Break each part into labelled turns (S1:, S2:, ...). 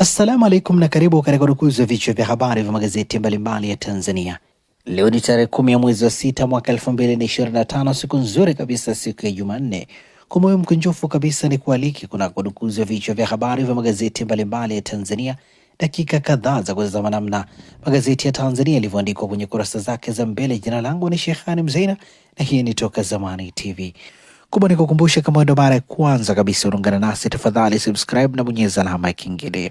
S1: Assalamu alaikum na karibu katika udukuzi wa vichwa vya habari vya magazeti mbalimbali ya Tanzania. Leo ni tarehe kumi ya mwezi wa sita mwaka elfu mbili na ishirini na tano siku nzuri kabisa, siku ya Jumanne. Kwa moyo mkunjufu kabisa ni kualiki kuna udukuzi wa vichwa vya habari vya magazeti mbalimbali ya Tanzania, dakika kadhaa za kutazama namna magazeti ya Tanzania yalivyoandikwa kwenye kurasa zake za mbele. Jina langu ni Sheikhani Mzeina na hii ni Toka Zamani TV. Kubwa ni kukumbusha, kama ndo mara ya kwanza kabisa unaungana nasi, tafadhali subscribe na bonyeza alama ya kengele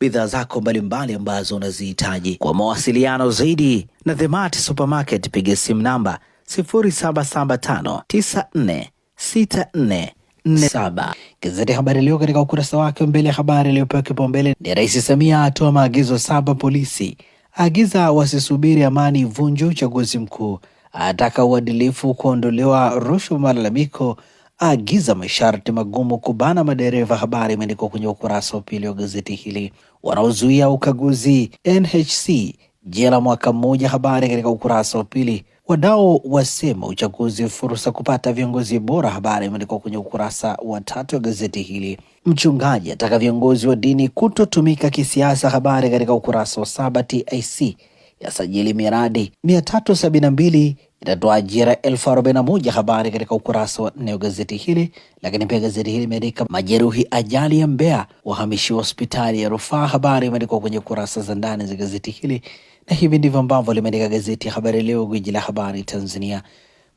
S1: bidhaa zako mbalimbali ambazo unazihitaji. Kwa mawasiliano zaidi na The Mart Supermarket, piga simu namba 0775946447. Gazeti ya Habari Leo katika ukurasa wake mbele ya habari iliyopewa kipaumbele ni Rais Samia atoa maagizo saba polisi, agiza wasisubiri amani ivunjwe uchaguzi mkuu, ataka uadilifu kuondolewa rushwa, malalamiko aagiza masharti magumu kubana madereva. Habari imeandikwa kwenye ukurasa wa pili wa gazeti hili. Wanaozuia ukaguzi NHC jela mwaka mmoja, habari katika ukurasa wa pili. Wadau wasema uchaguzi fursa kupata viongozi bora, habari imeandikwa kwenye ukurasa wa tatu wa gazeti hili. Mchungaji ataka viongozi wa dini kutotumika kisiasa, habari katika ukurasa wa saba. TIC yasajili miradi 372 itatoa ajira elfu arobaini na moja. Habari katika ukurasa wa nne wa gazeti hili. Lakini pia gazeti hili imeandika majeruhi ajali ya Mbeya wahamishiwa hospitali ya rufaa. Habari imeandikwa kwenye kurasa za ndani za gazeti hili, na hivi ndivyo ambavyo limeandika gazeti ya Habari Leo, gwiji la habari Tanzania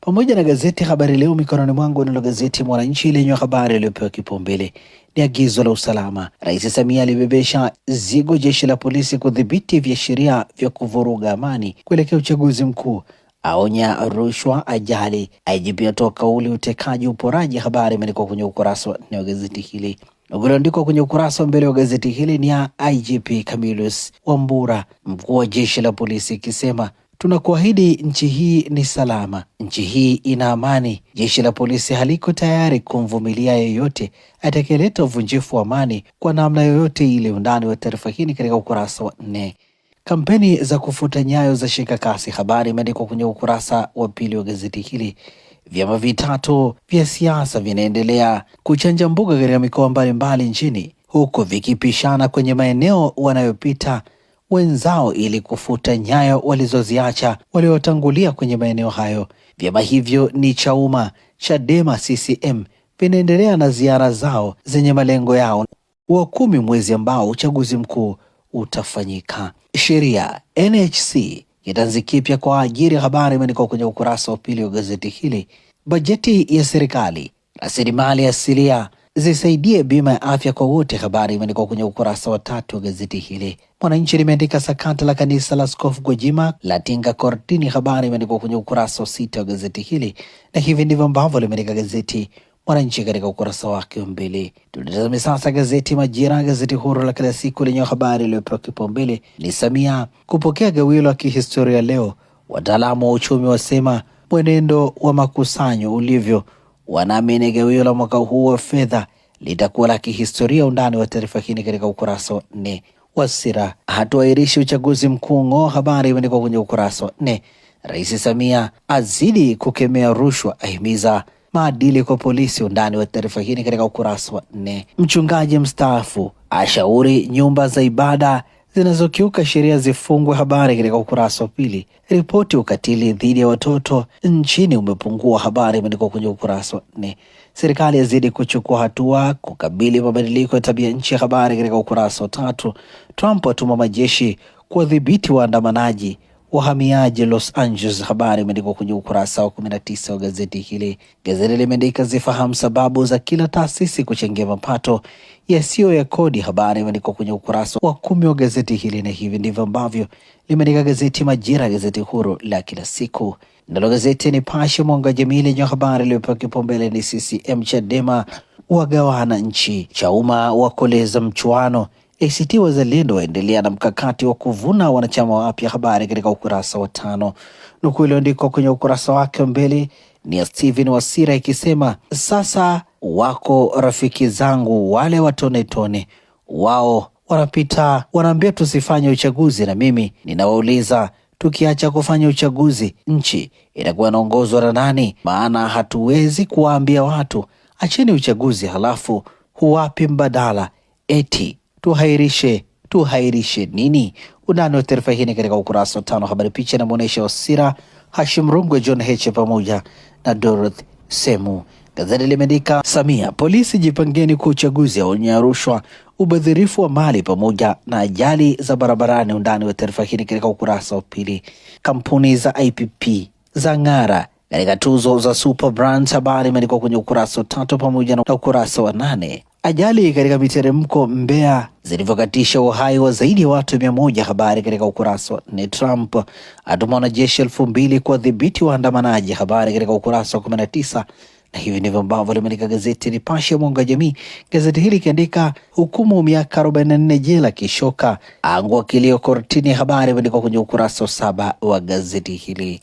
S1: pamoja na gazeti Habari Leo mikononi mwangu. Nalo gazeti Mwananchi lenye habari iliyopewa kipaumbele ni agizo la usalama. Rais Samia alibebesha zigo jeshi la polisi kudhibiti viashiria vya kuvuruga amani kuelekea uchaguzi mkuu, aonya rushwa, ajali, IGP atoa kauli utekaji, uporaji. Habari imeandikwa kwenye ukurasa wa nne wa gazeti hili uliandikwa kwenye ukurasa wa mbele wa gazeti hili ni ya IGP Camillus Wambura, mkuu wa jeshi la polisi, ikisema Tunakuahidi nchi hii ni salama, nchi hii ina amani. Jeshi la polisi haliko tayari kumvumilia yeyote atakayeleta uvunjifu wa amani kwa namna yoyote ile. Undani wa taarifa hii katika ukurasa wa nne. Kampeni za kufuta nyayo za shika kasi, habari imeandikwa kwenye ukurasa wa pili wa gazeti hili. Vyama vitatu vya siasa vinaendelea kuchanja mbuga katika mikoa mbalimbali nchini, huku vikipishana kwenye maeneo wanayopita wenzao ili kufuta nyayo walizoziacha waliotangulia kwenye maeneo hayo. Vyama hivyo ni Chauma, Chadema, CCM vinaendelea na ziara zao zenye malengo yao wa kumi, mwezi ambao uchaguzi mkuu utafanyika. Sheria NHC kitanzi kipya kwa ajiri ya habari imeandikwa kwenye ukurasa wa pili wa gazeti hili. Bajeti ya serikali, rasilimali asilia zisaidie bima ya afya kwa wote, habari imeandikwa kwenye ukurasa wa tatu wa gazeti hili. Mwananchi limeandika sakata la kanisa la Skofu Gwajima latinga kortini. Habari imeandikwa kwenye ukurasa wa sita wa gazeti hili, na hivi ndivyo ambavyo limeandika gazeti Mwananchi katika ukurasa wake wa mbili. Tunatazame sasa gazeti Majira, gazeti huru la kila siku lenye habari iliyopewa kipaumbele ni Samia kupokea gawio la kihistoria leo, wataalamu wa uchumi wasema mwenendo wa makusanyo ulivyo, wanaamini gawio la mwaka huu wa fedha litakuwa la kihistoria. Undani wa taarifa hii katika ukurasa wa nne. Wasira hatuahirishi uchaguzi mkuu ng'o. Habari imeandikwa kwenye ukurasa wa nne. Rais Samia azidi kukemea rushwa, ahimiza maadili kwa polisi. Undani wa taarifa hii katika ukurasa wa nne. Mchungaji mstaafu ashauri nyumba za ibada zinazokiuka sheria zifungwe. Habari katika ukurasa wa pili. Ripoti ya ukatili dhidi ya watoto nchini umepungua, habari imeandikwa kwenye ukurasa wa nne. Serikali yazidi kuchukua hatua kukabili mabadiliko ya tabia nchi, ya habari katika ukurasa wa tatu. Trump atuma majeshi kuwadhibiti waandamanaji Wahamiaji Los Angeles, habari imeandikwa kwenye ukurasa wa tisa wa gazeti hili. Gazeti limeandika zifahamu sababu za kila taasisi kuchangia mapato yasiyo ya kodi, habari imeandikwa kwenye ukurasa wa kumi wa gazeti hili, na hivi ndivyo ambavyo limeandika gazeti Majira, gazeti huru la kila siku. Nalo gazeti Nipashe mwanga jamii lenye habari iliyopewa kipaumbele ni CCM Chadema wagawana nchi, Chauma wakoleza mchuano ACT Wazalendo waendelea na mkakati wa kuvuna wanachama wapya. Habari katika ukurasa wa tano. Nukuu iliyoandikwa kwenye ukurasa wake wa mbele ni ya Steven Wasira ikisema, sasa wako rafiki zangu wale watonetone, wao wanapita wanaambia tusifanye uchaguzi, na mimi ninawauliza tukiacha kufanya uchaguzi nchi itakuwa inaongozwa na nani? Maana hatuwezi kuwaambia watu acheni uchaguzi halafu huwapi mbadala eti tuhairishe tuhairishe nini? Undani wa taarifa hii ni katika ukurasa wa tano. Habari picha inamwonyesha Wasira Hashim Rungwe, John Heche pamoja na Dorothy Semu. Gazeti limeandika Samia, polisi jipangeni kwa uchaguzi, aonya rushwa, ubadhirifu wa mali pamoja na ajali za barabarani. Undani wa taarifa hii katika ukurasa wa pili. Kampuni za IPP za ng'ara katika tuzo za Super Brands, habari imeandikwa kwenye ukurasa wa tatu pamoja na ukurasa wa nane. Ajali katika miteremko Mbeya zilivyokatisha uhai wa zaidi ya watu mia moja. Habari katika ukurasa wa Trump atuma wanajeshi elfu mbili kuwadhibiti waandamanaji. Habari katika ukurasa wa kumi na tisa na hivi ndivyo ambavyo limeandika gazeti Nipashe ya mwanga jamii. Gazeti hili ikiandika hukumu miaka 44 jela kishoka angua kilio kortini. Habari imeandikwa kwenye ukurasa wa saba wa gazeti hili.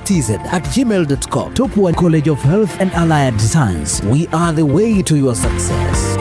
S2: at gmail.com. College of Health and Allied Science, we are the way to your success.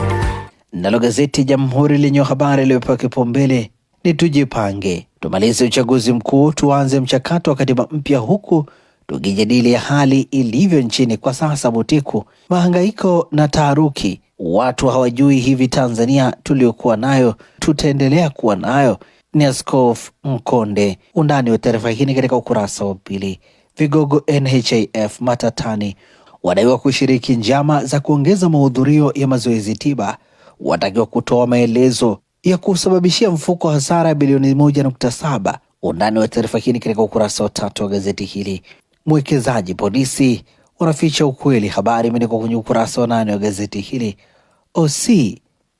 S1: Nalo gazeti Jamhuri lenye habari iliyopewa kipaumbele ni tujipange, tumalize uchaguzi mkuu, tuanze mchakato wa katiba mpya, huku tukijadili hali ilivyo nchini kwa sasa. Butiku, mahangaiko na taharuki, watu hawajui hivi Tanzania tuliokuwa nayo tutaendelea kuwa nayo ni Askofu Mkonde. Undani wa taarifa hii katika ukurasa wa pili vigogo NHIF matatani, wadaiwa kushiriki njama za kuongeza mahudhurio ya mazoezi tiba, watakiwa kutoa maelezo ya kusababishia mfuko hasara ya bilioni 1.7. Undani wa taarifa hii katika ukurasa wa tatu wa gazeti hili. Mwekezaji polisi wanaficha ukweli, habari imeandikwa kwenye ukurasa wa nane wa gazeti hili. OC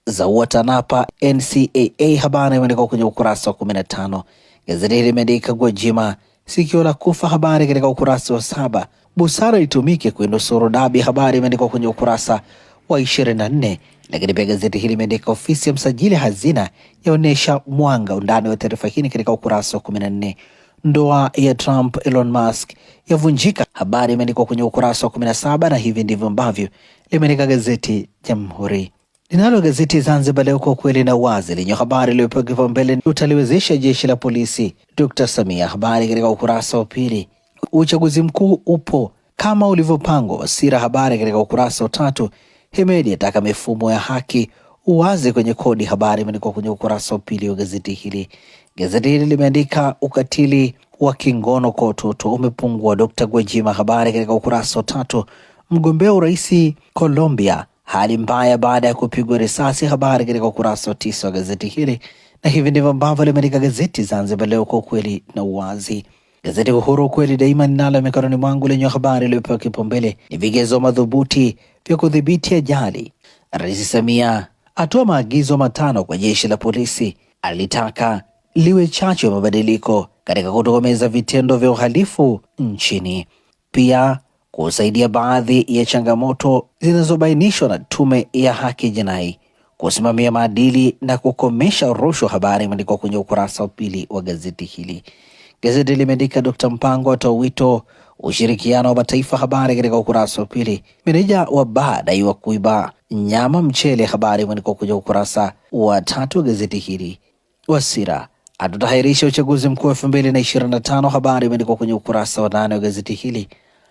S1: zaua TANAPA NCAA, habari imeandikwa kwenye ukurasa wa 15. Gazeti hili limeandika Gwajima sikio la kufa, habari katika ukurasa wa saba. Busara itumike kuinusuru dabi, habari imeandikwa kwenye ukurasa wa 24. Lakini pia gazeti hili imeandika ofisi ya msajili hazina yaonyesha mwanga. Undani wa taarifa hii katika ukurasa wa nne. Ndoa ya Trump Elon Musk yavunjika, habari imeandikwa kwenye ukurasa wa saba, na hivi ndivyo ambavyo limeandika gazeti Jamhuri. Linalo gazeti Zanzibar Leo, kwa kweli na uwazi, lenye habari iliyopewa kipaumbele, utaliwezesha jeshi la polisi, Dr Samia. Habari katika ukurasa wa pili. Uchaguzi mkuu upo kama ulivyopangwa, Wasira. Habari katika ukurasa wa tatu. Hemedi ataka mifumo ya haki uwazi kwenye kodi. Habari imeandikwa kwenye ukurasa wa pili wa gazeti hili. Gazeti hili limeandika ukatili wa kingono kwa watoto umepungua, Dr Gwajima. Habari katika ukurasa wa tatu. Mgombea urais Colombia hali mbaya baada ya kupigwa risasi. Habari katika ukurasa wa tisa wa gazeti hili, na hivi ndivyo ambavyo limeandika gazeti Zanzibar Leo, kwa ukweli na uwazi. Gazeti Uhuru ukweli daima ninalo mikononi mwangu, lenye habari iliyopewa kipaumbele ni vigezo madhubuti vya kudhibiti ajali. Rais Samia atoa maagizo matano kwa jeshi la polisi, alitaka liwe chachu ya mabadiliko katika kutokomeza vitendo vya uhalifu nchini. Pia kusaidia baadhi ya changamoto zinazobainishwa na Tume ya Haki Jinai, kusimamia maadili na kukomesha rushwa. Habari imeandikwa kwenye ukurasa wa pili wa gazeti hili. Gazeti limeandika Dr. Mpango atoa wito ushirikiano wa mataifa, habari katika ukurasa wa pili. Meneja wa baa daiwa kuiba nyama mchele, habari imeandikwa kwenye ukurasa wa tatu wa gazeti hili. Wasira atutahirisha uchaguzi mkuu wa elfu mbili na ishirini na tano, habari imeandikwa kwenye ukurasa wa nane wa gazeti hili.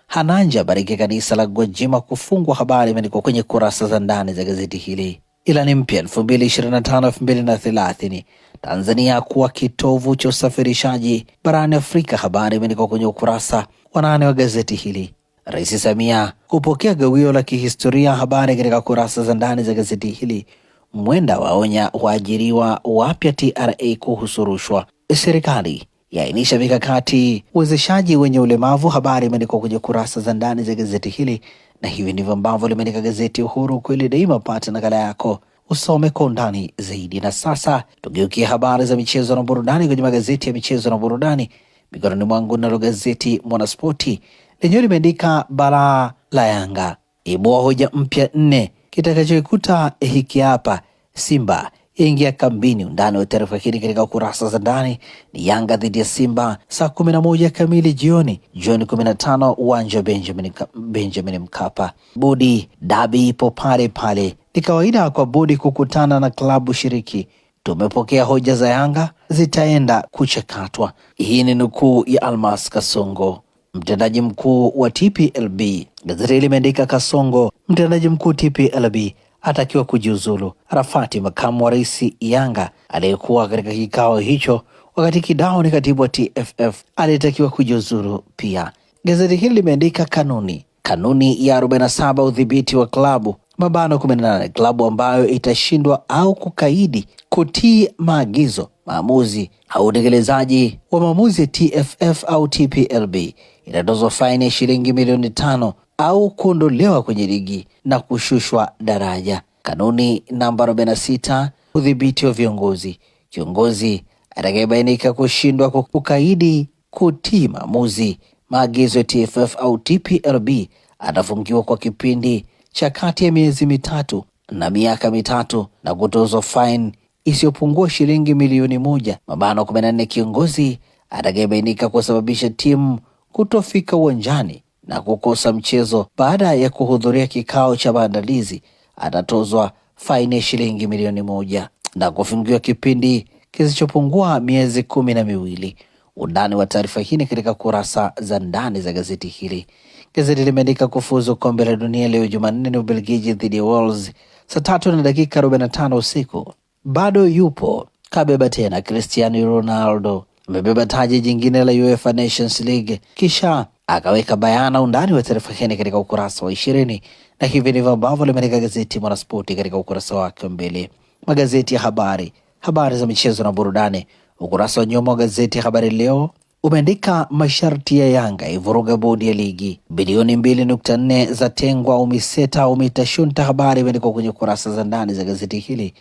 S1: Hananja bariki kanisa la Gwajima kufungwa. Habari imeandikwa kwenye kurasa za ndani za gazeti hili. Ilani mpya 2025 2030, Tanzania kuwa kitovu cha usafirishaji barani Afrika. Habari imeandikwa kwenye ukurasa wa nane wa gazeti hili. Rais Samia kupokea gawio la kihistoria. Habari katika kurasa za ndani za gazeti hili. Mwenda waonya waajiriwa wapya TRA kuhusu rushwa. Serikali yaainisha mikakati uwezeshaji wenye ulemavu. Habari imeandikwa kwenye kurasa za ndani za gazeti hili, na hivi ndivyo ambavyo limeandika gazeti Uhuru, kweli daima. Pata nakala yako usome kwa undani zaidi. Na sasa tugeukia habari za michezo na burudani kwenye magazeti ya michezo na burudani. Mikononi mwangu nalo gazeti Mwanaspoti lenyewe limeandika balaa la Yanga ibua hoja mpya nne, kitakachoikuta hiki hapa Simba ingia kambini. Undani wa taarifa hii katika kurasa za ndani. Ni Yanga dhidi ya Simba saa kumi na moja kamili jioni, Juni kumi na tano, uwanja wa Benjamin, Benjamin Mkapa. Budi, dabi ipo pale pale, ni kawaida kwa Budi kukutana na klabu shiriki. Tumepokea hoja za Yanga, zitaenda kuchakatwa. Hii ni nukuu ya Almas Kasongo, mtendaji mkuu wa TPLB. Gazeti limeandika Kasongo, mtendaji mkuu TPLB atakiwa kujiuzulu. rafati makamu wa rais Yanga aliyekuwa katika kikao hicho, wakati Kidao ni katibu wa TFF aliyetakiwa kujiuzulu pia. Gazeti hili limeandika kanuni kanuni ya 47 udhibiti wa klabu mabano 18 klabu ambayo itashindwa au kukaidi kutii maagizo, maamuzi au utekelezaji wa maamuzi ya TFF au TPLB inatozwa faini ya shilingi milioni tano au kuondolewa kwenye ligi na kushushwa daraja. Kanuni namba 46, udhibiti wa viongozi. Kiongozi atakayebainika kushindwa kwa kukaidi kutii maamuzi, maagizo ya TFF au TPLB atafungiwa kwa kipindi cha kati ya miezi mitatu na miaka mitatu na kutozwa faini isiyopungua shilingi milioni moja mabano 14. Kiongozi atakayebainika kusababisha timu kutofika uwanjani na kukosa mchezo baada ya kuhudhuria kikao cha maandalizi, atatozwa faini ya shilingi milioni moja na kufungiwa kipindi kisichopungua miezi kumi na miwili. Undani wa taarifa hii ni katika kurasa za ndani za gazeti hili. Gazeti limeandika kufuzu kombe la dunia leo Jumanne ni Ubelgiji dhidi ya Wales saa tatu na dakika 45 usiku. Bado yupo kabeba tena Cristiano Ronaldo amebeba taji jingine la UEFA Nations League. Kisha akaweka bayana undani wa taarifa hii katika ukurasa wa ishirini, na hivi ndivyo ambavyo limeandika gazeti Mwanaspoti katika ukurasa wake wa mbele. Magazeti ya habari, habari za michezo na burudani, ukurasa wa nyuma wa gazeti Habari Leo umeandika masharti ya Yanga ivuruga bodi ya ligi, bilioni mbili nukta nne za tengwa umiseta umitashunta. Habari imeandikwa kwenye kurasa za ndani za gazeti hili.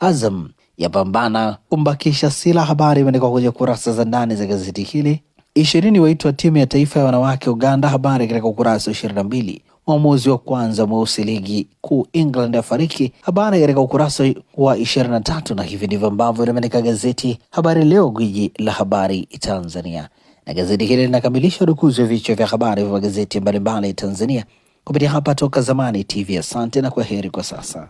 S1: Azam yapambana kumbakisha Sila. Habari imeandikwa kwenye kurasa za ndani za gazeti hili. Ishirini waitwa timu ya taifa ya wanawake Uganda, habari katika ukurasa wa ishirini na mbili. Mwamuzi wa kwanza mweusi ligi kuu England afariki, habari katika ukurasa wa ishirini na tatu. Na hivi ndivyo ambavyo limeandika gazeti Habari Leo, gwiji la habari Tanzania, na gazeti hili linakamilisha udukuzi wa vichwa vya habari vya magazeti mbalimbali Tanzania kupitia hapa Toka Zamani TV. Asante na heri kwa sasa.